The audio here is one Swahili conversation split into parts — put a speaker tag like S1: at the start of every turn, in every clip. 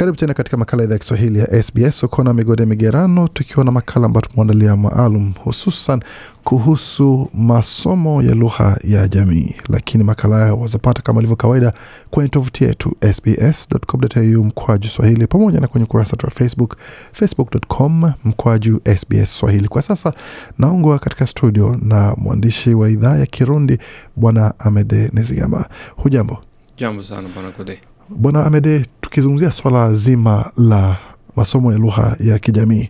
S1: Karibu tena katika makala idhaa ya Kiswahili ya SBS. Ukona migode migerano, tukiwa na makala ambayo tumeandalia maalum hususan kuhusu masomo ya lugha ya jamii, lakini makala haya wazapata kama ilivyo kawaida kwenye tovuti yetu sbs.com.au mkwaju swahili, pamoja na kwenye ukurasa wetu wa Facebook, facebook.com mkwaju sbs swahili. Kwa sasa naungwa katika studio na mwandishi wa idhaa ya Kirundi Bwana Amede Nezigama. Hujambo?
S2: Jambo sana Bwana Kode.
S1: Bwana Amede, tukizungumzia swala zima la masomo ya lugha ya kijamii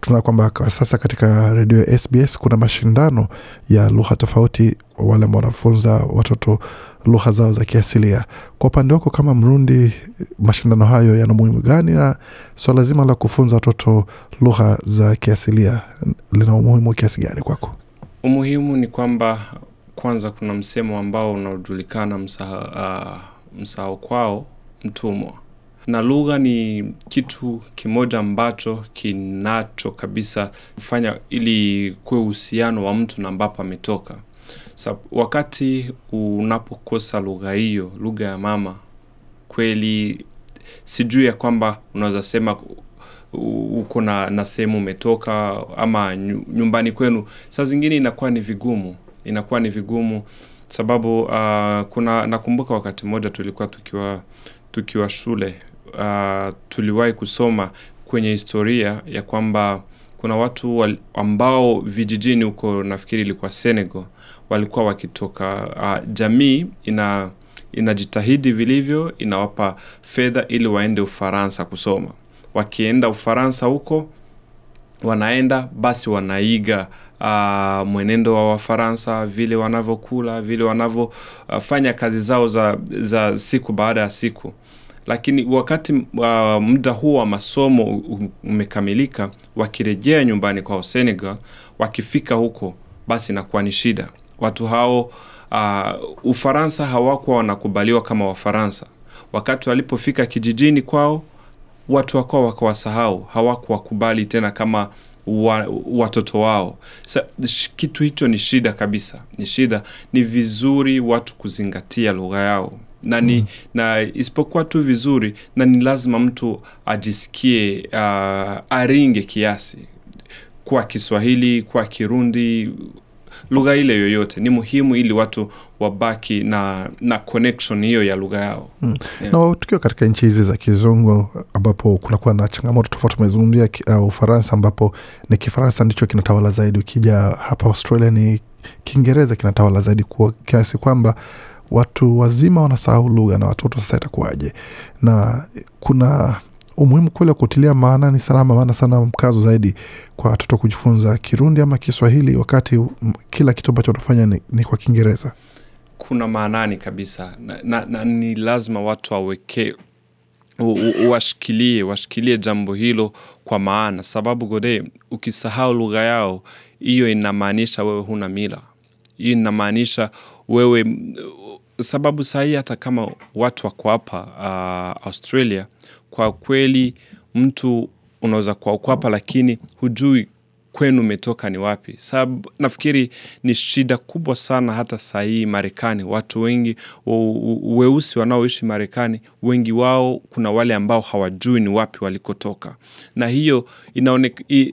S1: tunaona kwamba sasa katika redio ya SBS kuna mashindano ya lugha tofauti, wale ambao wanafunza watoto lugha zao za kiasilia. Kwa upande wako kama Mrundi, mashindano hayo yana umuhimu gani, na swala zima la kufunza watoto lugha za kiasilia lina umuhimu kiasi gani kwako?
S2: Umuhimu ni kwamba kwanza kuna msemo ambao unaojulikana msaha uh msao kwao mtumwa. Na lugha ni kitu kimoja ambacho kinacho kabisa kufanya ili kuwe uhusiano wa mtu na ambapo ametoka. Wakati unapokosa lugha hiyo, lugha ya mama, kweli sijui ya kwamba unaweza sema uko na, na sehemu umetoka ama nyumbani kwenu, saa zingine inakuwa ni vigumu, inakuwa ni vigumu sababu uh, kuna nakumbuka wakati mmoja tulikuwa tukiwa tukiwa shule uh, tuliwahi kusoma kwenye historia ya kwamba kuna watu wal, ambao vijijini huko nafikiri ilikuwa Senegal walikuwa wakitoka uh, jamii ina inajitahidi vilivyo, inawapa fedha ili waende Ufaransa kusoma. Wakienda Ufaransa huko wanaenda basi wanaiga uh, mwenendo wa Wafaransa, vile wanavyokula, vile wanavyofanya uh, kazi zao za, za siku baada ya siku. Lakini wakati uh, muda huo wa masomo umekamilika, wakirejea nyumbani kwao Senegal, wakifika huko basi inakuwa ni shida. Watu hao uh, Ufaransa hawakuwa wanakubaliwa kama Wafaransa. Wakati walipofika kijijini kwao watu wako wakawasahau, hawakuwakubali tena kama wa, watoto wao. Sa, kitu hicho ni shida kabisa, ni shida. Ni vizuri watu kuzingatia lugha yao na ni, mm. na isipokuwa tu vizuri, na ni lazima mtu ajisikie uh, aringe kiasi kwa Kiswahili, kwa Kirundi lugha ile yoyote ni muhimu ili watu wabaki na na connection hiyo ya lugha yao
S1: mm. yeah. no, tukiwa katika nchi hizi za kizungu ambapo kunakuwa na changamoto tofauti umezungumzia uh, ufaransa ambapo ni kifaransa ndicho kinatawala zaidi ukija hapa australia ni kiingereza kinatawala zaidi kwa kiasi kwamba watu wazima wanasahau lugha na watoto sasa itakuwaje na kuna umuhimu kule kutilia maanani salama, maana sana mkazo zaidi kwa watoto kujifunza Kirundi ama Kiswahili, wakati kila kitu ambacho wanafanya ni, ni kwa Kiingereza.
S2: Kuna maanani kabisa na, na, na ni lazima watu waweke washikilie washikilie jambo hilo kwa maana, sababu gode, ukisahau lugha yao hiyo inamaanisha wewe huna mila, hiyo inamaanisha wewe sababu sahii hata kama watu wako hapa uh, Australia kwa kweli mtu unaweza kuwakwapa, lakini hujui kwenu umetoka ni wapi. Sab, nafikiri ni shida kubwa sana hata sahihi Marekani. Watu wengi weusi wanaoishi Marekani, wengi wao kuna wale ambao hawajui ni wapi walikotoka, na hiyo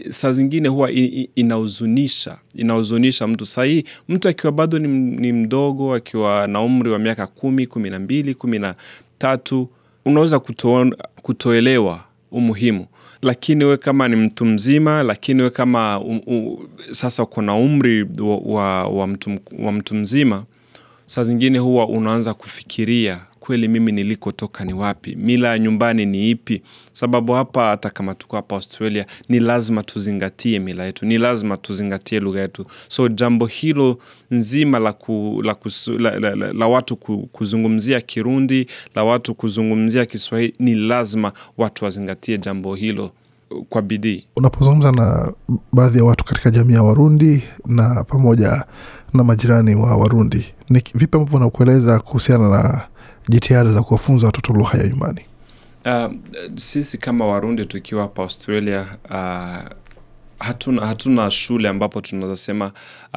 S2: saa zingine huwa inahuzunisha inahuzunisha mtu. sahii mtu akiwa bado ni, ni mdogo akiwa na umri wa miaka kumi, kumi na mbili, kumi na tatu unaweza kuto, kutoelewa umuhimu lakini we kama ni mtu mzima lakini we kama u, u, sasa uko na umri wa, wa, wa, mtu, wa mtu mzima saa zingine huwa unaanza kufikiria kweli mimi nilikotoka ni wapi, mila ya nyumbani ni ipi? Sababu hapa hata kama tuko hapa Australia ni lazima tuzingatie mila yetu, ni lazima tuzingatie lugha yetu. So jambo hilo nzima la, ku, la, kusu, la, la, la, la watu kuzungumzia Kirundi, la watu kuzungumzia Kiswahili, ni lazima watu wazingatie jambo hilo kwa bidii.
S1: Unapozungumza na baadhi ya watu katika jamii ya Warundi na pamoja na majirani wa Warundi, ni vipi ambavyo unakueleza kuhusiana na jitihada za kuwafunza watoto lugha ya nyumbani?
S2: Uh, sisi kama Warundi tukiwa hapa Australia uh, hatuna, hatuna shule ambapo tunazosema uh,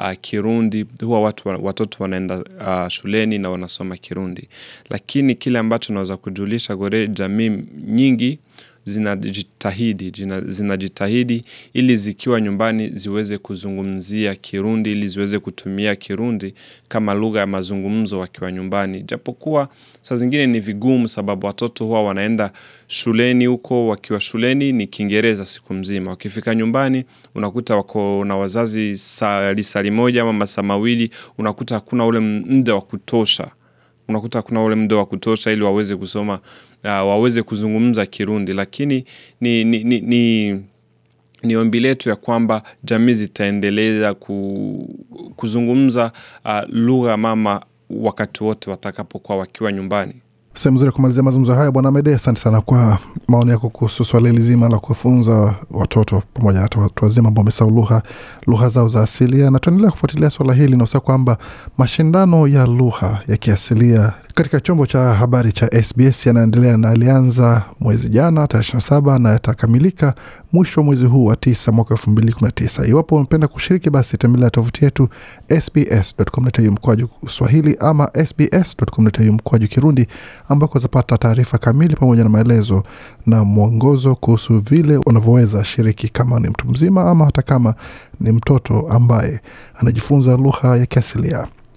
S2: ah, Kirundi. Huwa watu, watoto wanaenda uh, shuleni na wanasoma Kirundi, lakini kile ambacho tunaweza kujulisha gore jamii nyingi zinajitahidi zinajitahidi ili zikiwa nyumbani ziweze kuzungumzia Kirundi ili ziweze kutumia Kirundi kama lugha ya mazungumzo wakiwa nyumbani. Japokuwa saa zingine ni vigumu sababu watoto huwa wanaenda shuleni huko wakiwa shuleni ni Kiingereza siku mzima. Wakifika nyumbani unakuta wako na wazazi lisali moja ama masaa mawili unakuta hakuna ule muda wa kutosha unakuta kuna ule muda wa kutosha ili waweze kusoma uh, waweze kuzungumza Kirundi, lakini ni, ni, ni, ni ni ombi letu ya kwamba jamii zitaendeleza ku, kuzungumza uh, lugha mama wakati wote watakapokuwa wakiwa nyumbani.
S1: Sehemu nzuri ya kumalizia mazungumzo hayo, Bwana Mede, asante sana kwa maoni yako kuhusu swala hili zima la kuwafunza watoto pamoja na watu wazima ambao wamesau lugha lugha zao za asilia, na tuendelea kufuatilia swala hili na kwamba mashindano ya lugha ya kiasilia katika chombo cha habari cha SBS yanaendelea na alianza mwezi jana tarehe 27 na yatakamilika mwisho wa mwezi huu wa tisa mwaka 2019. Iwapo unapenda kushiriki, basi tembelea tovuti yetu sbs.com.au mkwaju Swahili ama sbs.com.au mkwaju Kirundi, ambako zapata taarifa kamili pamoja na maelezo na mwongozo kuhusu vile unavyoweza shiriki kama ni mtu mzima ama hata kama ni mtoto ambaye anajifunza lugha ya kiasilia.